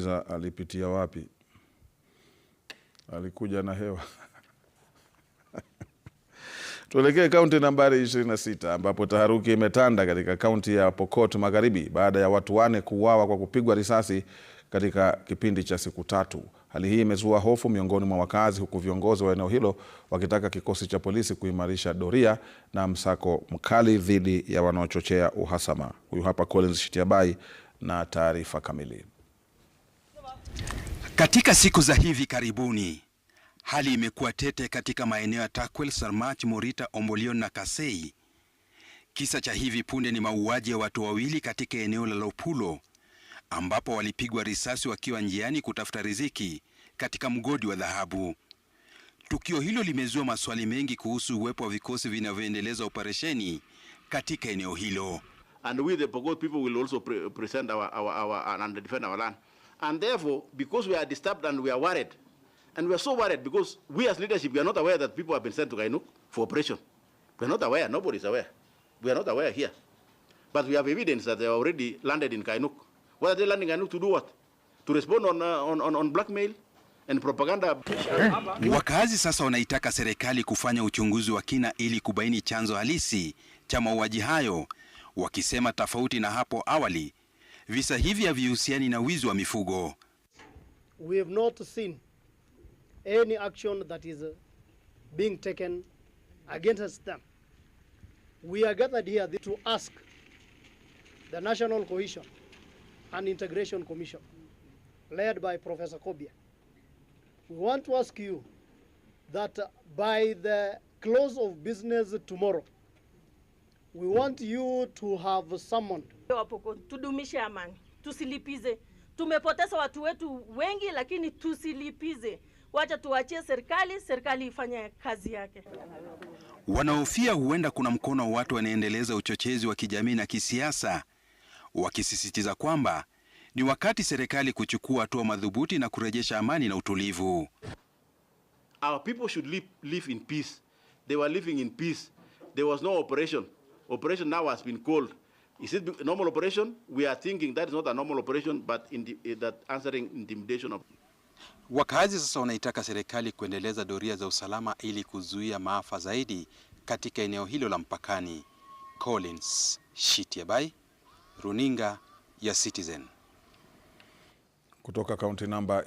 kuuliza alipitia wapi? Alikuja na hewa Tuelekee kaunti nambari 26 ambapo taharuki imetanda katika kaunti ya Pokot Magharibi baada ya watu wane kuuawa kwa kupigwa risasi katika kipindi cha siku tatu. Hali hii imezua hofu miongoni mwa wakazi, huku viongozi wa eneo hilo wakitaka kikosi cha polisi kuimarisha doria na msako mkali dhidi ya wanaochochea uhasama. Huyu hapa Collins Shitiabai na taarifa kamili. Katika siku za hivi karibuni hali imekuwa tete katika maeneo ya Takwel, Sarmach, Morita, Ombolion na Kasei. Kisa cha hivi punde ni mauaji ya watu wawili katika eneo la Lopulo ambapo walipigwa risasi wakiwa njiani kutafuta riziki katika mgodi wa dhahabu. Tukio hilo limezua maswali mengi kuhusu uwepo wa vikosi vinavyoendeleza operesheni katika eneo hilo. And we the Pokot people will also pre present our, our, our, and defend our land. And therefore, because we are disturbed and we are worried, and we are so worried because we as leadership, we are not aware that people have been sent to Kainuk for operation. We are not aware, nobody is aware. We are not aware here. But we have evidence that they are already landed in Kainuk. What are they landing in Kainuk to do what? To respond on, uh, on, on, on blackmail? And propaganda. Eh? Wakazi sasa wanaitaka serikali kufanya uchunguzi wa kina ili kubaini chanzo halisi cha mauaji hayo, wakisema tofauti na hapo awali visa hivi havihusiani na wizi wa mifugo. We have not seen any action that is uh, being taken against them. We are gathered here to ask the National Cohesion and Integration Commission led by Professor Kobia. We want to ask you that uh, by the close of business tomorrow, we want you to have summoned Wapokoni, tudumishe amani, tusilipize. Tumepoteza watu wetu wengi, lakini tusilipize. Wacha tuachie serikali, serikali ifanye kazi yake. Wanaofia huenda kuna mkono wa watu wanaendeleza uchochezi wa kijamii na kisiasa, wakisisitiza kwamba ni wakati serikali kuchukua hatua madhubuti na kurejesha amani na utulivu. Our people should live, live in peace. They were living in peace. There was no operation. Operation now has been called. Is it a normal operation? We are thinking that is not a normal operation, but in the, eh, that answering intimidation of... Wakazi sasa wanaitaka serikali kuendeleza doria za usalama ili kuzuia maafa zaidi katika eneo hilo la mpakani. Collins Shitiabai, Runinga ya Citizen kutoka kaunti namba